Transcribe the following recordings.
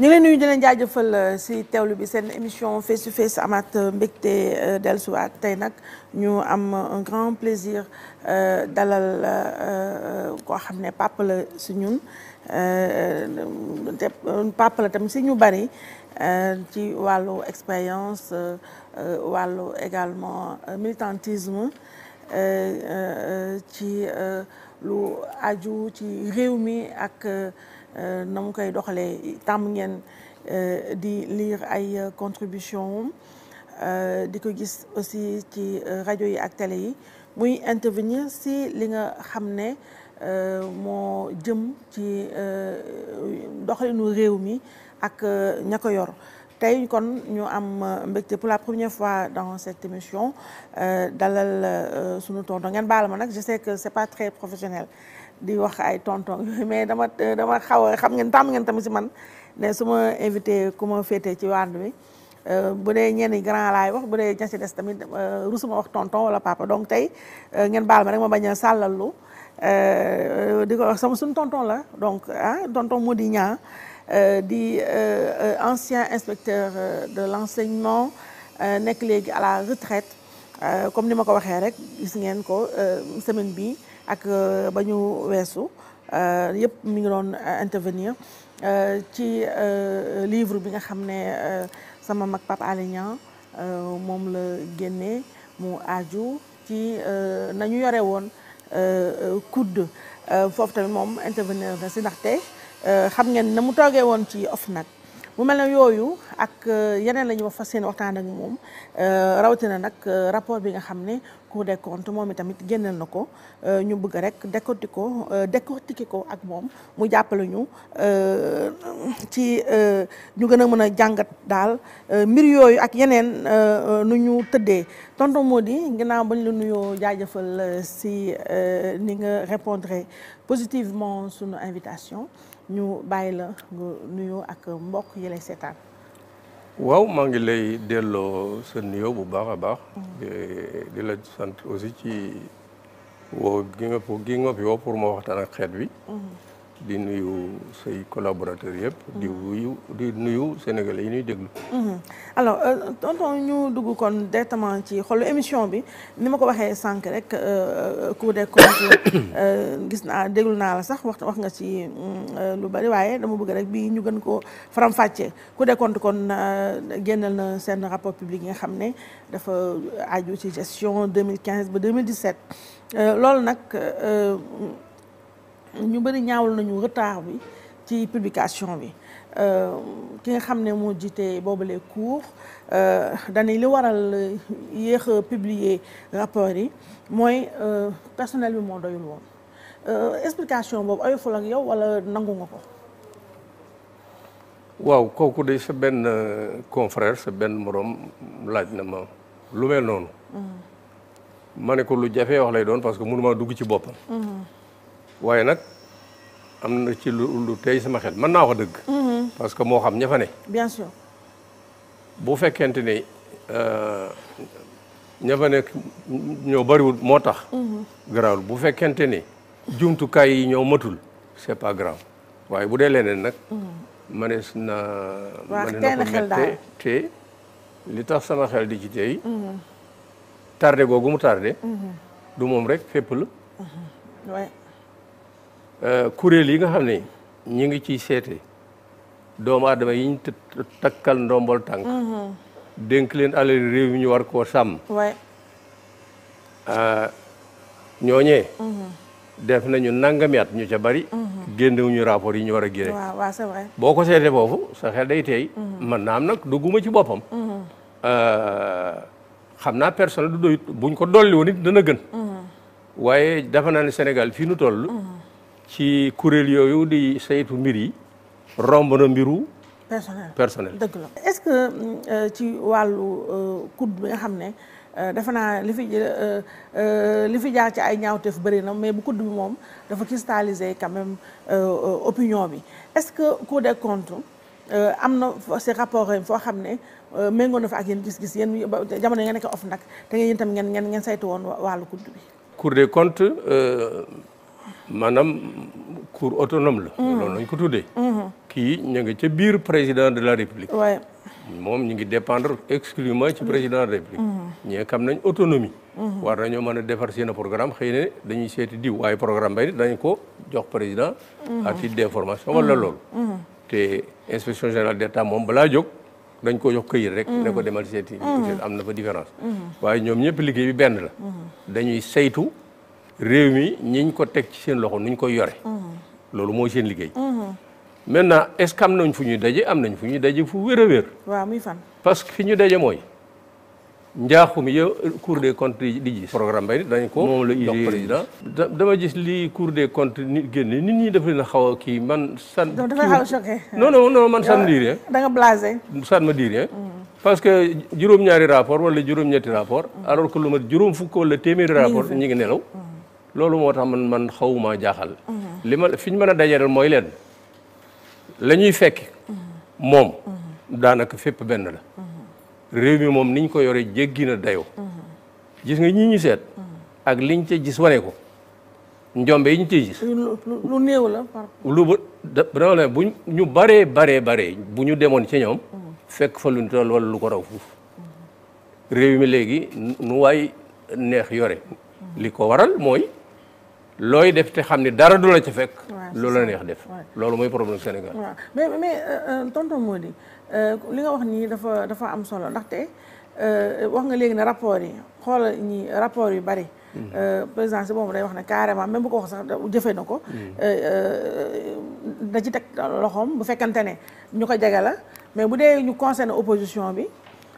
ñu ngi leen nuyu di leen jaajëfal euh, si teewlu bi seen émission face to face amaat euh, mbégte euh, dellusiwaat tey nag ñu am un grand plaisir dalal koo xam ne papa si ñun te papa la tamit si ñu bari ci wàllu expérience wàllu également militantisme ci lu aju ci réew mi ak. Euh, na mu koy doxalee tàmm ngeen euh, di lire ay euh, contribution di ko gis aussi ci rajo yi ak tele yi muy intervenir si li nga xam ne moo jëm ci doxalinu réew mi ak ña ko yor tey kon ñu am mbégte pour la première fois dans cette émission dalal sunu tonton ngeen baal ma nag je sais que c'est pas très professionnel di wax ay tonton mais dama dama xaw a xam ngeen tàmm ngeen tamit si man ne su ma invité ku ma féetee ci wàll bi euh, bu dee ñenn grand laay wax bu dee ña si des tamit euh, ru suma wax tonton wala papa donc tey euh, ngeen baal ma rek ma bañ a sàllalu di ko wax sama suñ tonton la donc ah tonton Mody Niang di ancien inspecteur de l'enseignement nekk léegi à la retraite comme ni ma ko waxee rek gis ngeen ko semaine bi ak euh, ba ñu weesu euh, yëpp mi ngi doon euh, intervenir ci livre bi nga xam ne sama mag Pape Alé moom la génne mu aju ci nañu yore woon COUD foofu tamit moom intervenir na si ndaxte xam ngeen na mu toogee woon ci OFNAC mu mel ne yooyu ak euh, yeneen la ñu wax fas yéene waxtaan ak moom euh, rawatina nag euh, rapport bi nga xam ne Cour des comptes moom itamit génneel na ko ñu bugg rek décortiquer ko ko ak moom mu jàppale ñu ci ñu gën a mën a jàngat daal mbir yooyu ak yeneen nu ñu tëddee tonton Mody ginnaaw bañ la nuyoo jaajëfal si ni nga répondre positivement sunu invitation. ñu bàyyi la nga nuyoo ak mbokk yi lay seetaan. waaw maa ngi lay delloo sa nuyoo bu baax a baax. Mm. Eh, di la sant aussi ci woo gi nga fi woo pour ma waxtaan ak xeet bi. di nuyu say collaborateurs yëpp. di nuyu di nuyu Sénégalais yi ñuy déglu. Mhm. alors euh, tonton ñu dugg kon directement ci xolu émission bi ni ma ko waxee sànq rek euh, euh, Cour des comptes gis naa déglu naa la sax wax wax nga ci mm, lu bari waaye dama bëgg rek bii ñu gën koo faram-fàccee Cour des kon génnal na seen rapport public yi nga xam ne dafa aju ci gestion 2015 ba 2017 loolu nag. ñu bëri ñaawal nañu retard bi ci publication bi euh, ki nga xam ne moo jiite boobule cours euh, dañuy li waral yéex a publier rapport yi mooy euh, personnel bi moo doyul woon explication boobu ayoful ak yow wala nangu nga ko. waaw kooku de sa benn confrère sa benn moroom laaj na ma lu mel noonu. Mm-hmm. ma ne ko lu jafee wax lay doon parce que mënuma dugg ci boppam. Mm-hmm. waaye nag am na ci lu lu tey sama xel man naa wax dëgg. Mhm. parce que moo xam ña fa ne. bien bu fekkente ne euh, ña fa nekk ñoo bariwul moo tax. Mhm. garaawul bu fekkente ne jumtukaay yi ñoo matul c'est pas grave waaye bu dee leneen nag. mënees mhm. na mënees na ko mette te li tax sama xel di ci tey. tardé googu mu tardé. du moom rek fépp la. Euh, kuréel yi nga xam ne ñi ngi ci seete doomu aadama yi ñu takkal ndombol tànk mm-hmm. dénk leen alal réew yi ñu war ko sàmm euh, ñooñee mm-hmm. def nañu nangami at ñu ca bari mm-hmm. génnewuñu rapport yi ñu war a génne waaw boo ko seetee foofu sa xel day tey man naam nag dugguma ci boppam euh, xam naa personne du doyut buñ ko dolli woon dana gën waaye dafa naa ne Sénégal fii nu toll ci kuréel yooyu di saytu mbir yi romb na mbiru. personnel personnel dëgg la est-ce que euh, ci wàllu COUD euh, bi nga xam ne euh, defe naa li fi li fi jaar ci ay ñaawteef bëri na mais bu COUD bi moom dafa cristalliser quand même opinion bi est-ce que Cour des am na ces rapports yi foo xam ne méngoo na fa ak yéen gis-gis yéen jamono yi nga nekk off nag te ngeen ngeen ngeen saytu woon wàllu COUD bi. Cour maanaam cour autonome la. Mm-hmm. loolu lañ ko tuddee. Mm-hmm. kii ñu ngi ca biir président de la république. moom ñu ngi dépendre exclusivement ci président de la république. Mm-hmm. ñee xam nañ autonomie. war nañoo mën a defar seen programme xëy ne dañuy seeti diw waaye programme bay dañ ko jox président. à titre d'information wala loolu. te inspection générale d'État moom balaa jóg dañ ko jox këyit rek. ne ko demal seeti. am na fa différence. waaye ñoom ñëpp liggéey bi benn la. dañuy saytu. réew mi ñiñ ko teg ci seen loxo nuñ koy yore. loolu mooy seen liggéey. maintenant est-ce am nañ fu ñuy daje am nañ fu ñuy daje fu wér a wér. parce que fi ñu daje mooy njaaxum mi yow Cour des comptes di gis. programme bay dañ ko moom la indi président gis li Cour des comptes nit génne nit ñi daf leen xaw kii man. san donc dafay xaw a man san di rien. da nga di rien. parce que juróom-ñaari rapport wala juróom-ñetti rapport alors que lu mat juróom fukk wala téeméeri rapport ñu ngi nelaw. Mm. loolu moo tax man man xawuma jaaxal. Mhm. li ma fi ñu mën a dajeral mooy leen la ñuy fekki. Mhm. moom mhm. daanaka fépp benn la. réew mi moom niñ ko yore jéggi na dayoo. gis nga ñi ñu seet. ak liñ ci gis wane ko. njombe yi ci ciy lu néew la par. lu ba da bu ñu baree baree baree bu ñu demoon ci ñoom. fekk fa lu ñu toll wala lu ko raw fuuf. réew mi léegi nu waay neex yore. li ko waral mooy. looy def te xam ne dara du la ca fekk. loolu la neex def. loolu mooy problème Sénégal. waaw mais mais euh, euh, tonton Mody euh, li nga wax nii dafa dafa am solo ndaxte wax nga léegi ne rapport yi xoolal ñi rapport yu bari. Mm-hmm. présidence boobu day wax ne carrément même bu ko wax sax jëfee na ko. Mm-hmm. da ci teg loxoom bu fekkante ne ñu ko jege mais bu dee ñu concerné opposition bi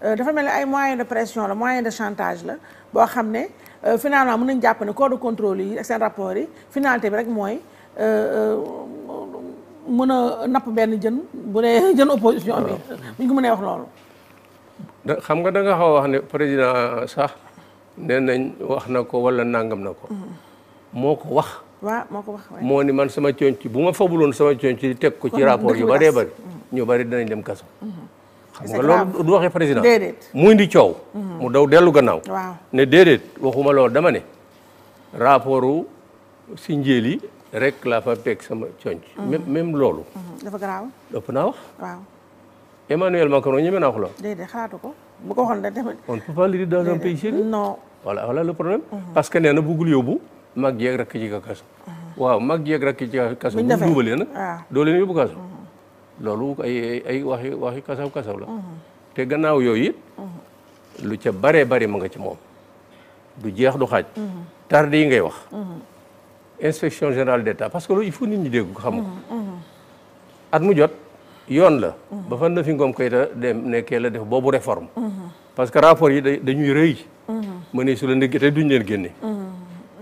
dafa mel ni ay moyen de pression la moyen de chantage la boo xam ne. Euh, finalement mën nañu jàpp ne corps de contrôle yi ak seen rapport yi finalité bi rek mooy euh, euh, mën a napp benn jën bu dee jën opposition bi bu ñu ko mënee wax loolu. da xam nga danga nga xaw a wax ne président sax nee nañ wax na ko wala nangam na ko. Mhm. moo ko wax. waaw moo ko wax moo ni man sama conc bu ma fabuloon sama conc di teg ko ci rapport yu bëree bëri mhm. ñu bari danañ dem kaso. Mhm. xam nga loolu du waxee président déedéet muy indi coow. Mhm. mu daw dellu gannaaw. ne déedéet waxuma loolu dama ne rapportu si njéel yi rek laa fa teg sama conc même même loolu. Mhm. dafa garaaw. ëpp naa wax. waaw Emmanuel Macron ñeme naa wax loolu. déedéet xalaatu ko bu ko waxoon tamit. on ne peut pas lire dans un pays sérieux. non voilà voilà le problème. Mhm. parce que nee na buggul yóbbu. mag yeeg rakk ji ka kaso. waaw mag yeeg rakk ji ka kaso. bu ñu duubalee nag. yóbbu kaso. loolu ay ay waxi waxi kasaw kasaw la mhm. te gannaaw yooyu mhm. lu ca baree bari ma nga ci moom du jeex du xaaj mhm. tarde yi ngay wax inspection générale d'État parce que loolu il faut nit ñi dégg ko at mu jot yoon la ba fa na fi ngoom koy ta dem nekkee la def boobu réforme parce que rapport yi dañuy rëy ma ne su la te duñ leen génne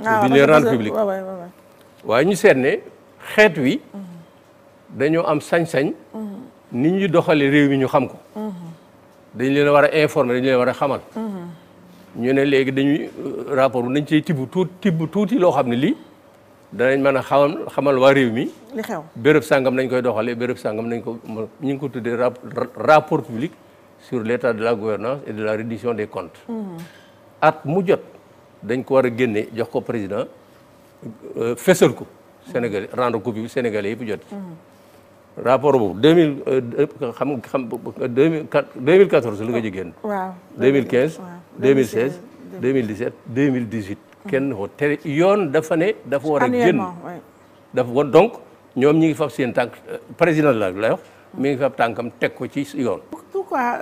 ah, duñ leen rendre public waaye ñu seet ne xeet wi dañoo am sañ-sañ. nit ñi doxalee réew mi ñu xam ko. dañ leen war a informer dañ leen war a xamal. ñu ne léegi dañuy euh, rapport nañ cey tibb tuuti tibb tuuti loo xam ne lii danañ mën a xamal xamal waa réew mi. li xew béréb sangam nañ koy doxalee bërëb sangam nañ ko ñu ngi ko tuddee rapport public sur l' état de la gouvernance et de la reddition des comptes. at mu jot dañ ko war a génne jox ko président euh, fesal ko. Sénégal rendre ko bi Sénégalais yëpp jot. rapport boobu deux mille euh, euh, xam xam deux mille deux mille quatorze la nga ci génn. waaw deux mille quinze. deux mille seize deux mille dix sept deux mille dix huit. kenn ko mm-hmm. tere yoon dafa ne dafa war a génn. dafa war donc ñoom ñi ngi fab seen tànk euh, président la lay wax mi ngi fab tànkam teg ko ci yoon. pourquoi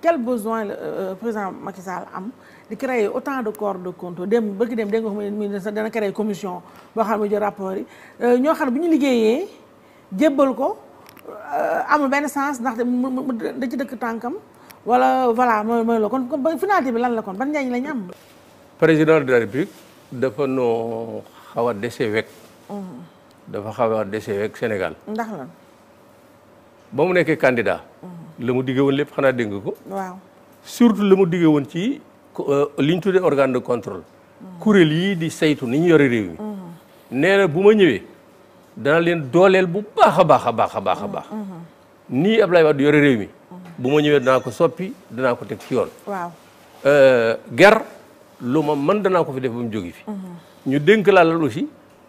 quel besoin le président Macky Sall am di créer autant de corps de contrôle dem bëgg dem dégg nga xam ne dana boo xam ne jël rapport yi ñoo xam ne bu ñu liggéeyee. jébbal ko euh, amul benn sens ndax da ci dëkk tànkam wala voilà mooy mooy la kon kon bi lan la kon ban njëriñ la ñu am. président de la bi dafa noo xaw a dese wekk. Mhm. dafa xaw a dese wekk Sénégal. ndax lan. ba mu nekkee candidat. Mhm. la mu diggee woon lépp xanaa dégg ko. waaw surtout la mu diggee woon ci euh, li ñu tuddee organe de contrôle. Mhm. kuréel yii di saytu ni ñu yore réew mi. nee bu ma ñëwee. dana leen dooleel bu baax a baax a baax a baax a baax. nii Ablaye Wade yore réew mi. bu ma ñëwee danaa ko soppi danaa ko teg ci yoon. waaw euh, ger lu ma man danaa ko fi def ba mu jóge fi. ñu dénk laa lal aussi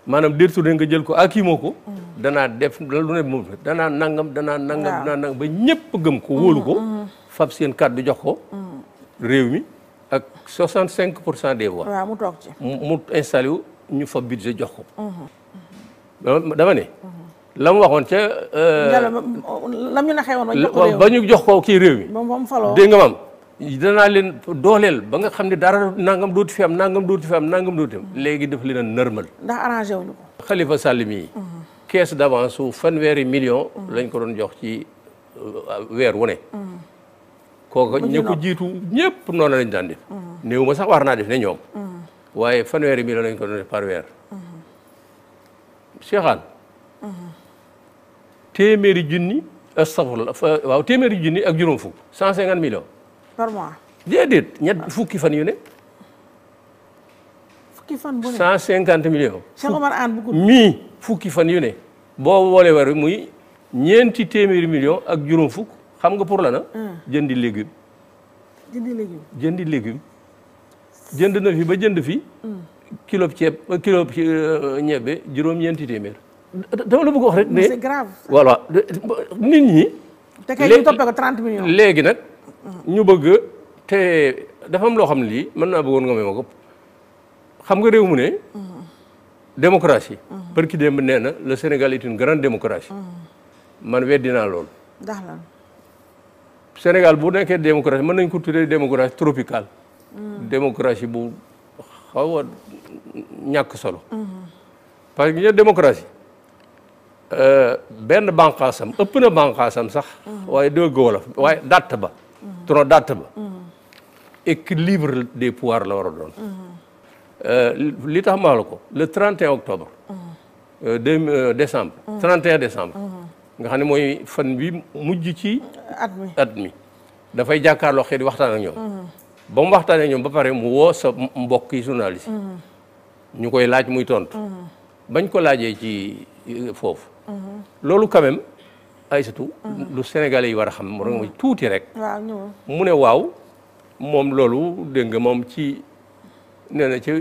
maanaam déet su ne nga jël ko akimoo ko. danaa def lu ne moom danaa nangam danaa nangam danaa nangam ba ñëpp gëm ko wóolu ko. Mm-hmm. fab seen kàddu jox ko. Mm-hmm. réew mi ak 65 pour cent des voix. waaw mu toog installé wu ñu fab budget jox ko. Mm-hmm. dama ne. la mu waxoon ca. Euh, lam ñu naxee woon ba ñu jox ko kii réew mi. moom dégg nga maam danaa leen dooleel ba nga xam ne dara nangam dootu fi am nangam dootu fi am nangam dootu fi am. léegi daf leen a normal. ndax arrangé wu ñu ko. Khalifa Sall mii. caisse d'avance su fanweeri million. Mm-hmm. lañ ko doon jox ci euh, weer wu ne. Mm-hmm. kooku ña ko jiitu ñëpp noonu lañ daan def. Mm-hmm. néew ma sax war naa def ne ñoom. waaye fanweeri million lañ ko doon def par weer. Cheikhaan. téeméeri junni astafurla waaw téeméeri junni ak juróom fukk cent cinquante millions. par mois. ñett ah. fukki fan yu ne. fukki fan cent cinquante millions. Cheikh Omar mii fukki fan yu ne. boo woolee war muy ñeenti téeméeri millions ak juróom fukk xam nga pour la na ah? ah. jëndi légume. jëndi légume jëndi légume. jënd na fi ba jënd fi. kilo ceeb kilo euh, ñebe juróom-ñeenti téeméer. dama la bëgg wax rek voilà nit ñi. te kay léegi nag ñu bëgg te dafa loo xam ne lii mën naa bëggoon nga may ma xam nga réew mu ne. démocratie. parce que démb nee na le Sénégal est une grande démocratie. man weddi naa loolu. ndax lan. Sénégal bu nekkee démocratie mën nañ ko tuddee démocratie tropicale. Mm. démocratie bu ñàkk solo. parce que ñu démocratie euh, benn bànqaasam ëpp na bànqaasam sax. waaye dëgg wolof waaye dàtt ba. trop dàtt ba. équilibre des pouvoirs la war a doon. Euh, li tax maa la ko le 31 octobre. Euh, deux décembre. 31 décembre. nga xam ne mooy fan bi mujj ci. at mi mi dafay jàkkaarloo xëy di waxtaan ak ñoom. ba mu waxtaanee ñoom ba pare mu woo sa mbokk yi journaliste yi ñu koy laaj muy tontu. bañ ko laajee ci euh, foofu. loolu quand même Aïssatou lu Sénégalais yi war a xam moom tuuti rek. waaw mu ne waaw moom loolu dégg nga moom ci nee na ci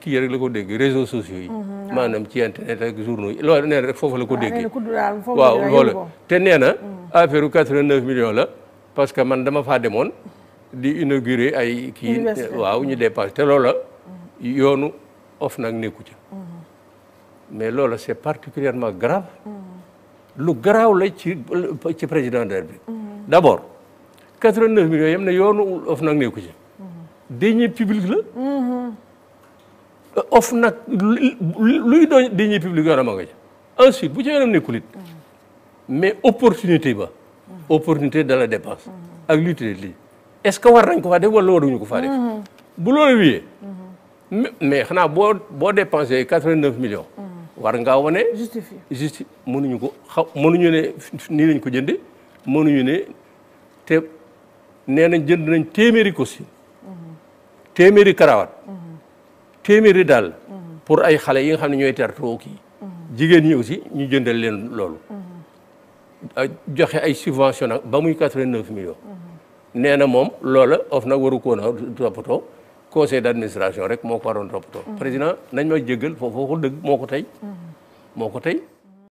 kii rek la ko dégg réseaux sociaux yi. maanaam ci internet ak journaux yi loolu foofu la ko ah, déggee. waaw te nee na mm. affaire 89 millions la parce que man dama faa demoon di inaugurer ay. kii waaw ñu dépassé te loola mm. yoonu. of nag nekku ca mais loola c' est particulièrement lu garaaw la ci ci président de la d' abord quatre-vingt-neuf millions yam ne yoonu of nag nekku ci deniers publics la of nag luy doon deniers publics yoonam a nga ca ensuite bu ca yoonam nekkul it mais opportunité ba opportunité de la dépense ak l'utilité lii est ce que war nañ ko faa def wala waruñu ko mais xanaa boo boo dépensé quatre-vingt-neuf millions. war ngaa wane. justifié mënuñu ko xaw mënuñu ne nii lañ ko jëndee mënuñu ne te nee nañ jënd nañ téeméeri costume téeméeri karawaat. téeméeri daal. pour ay xale yi nga xam ne ñooy tertoo kii. jigéen ñi aussi ñu jëndal leen loolu. joxe ay subvention nag ba muy quatre-vingt-neuf millions. nee moom loola of nag waru ko woon conseil d' administration rek moo ko waroon toppatoo. président nañ ma jéggal foofu waxul dëgg moo ko tey. moo ko tey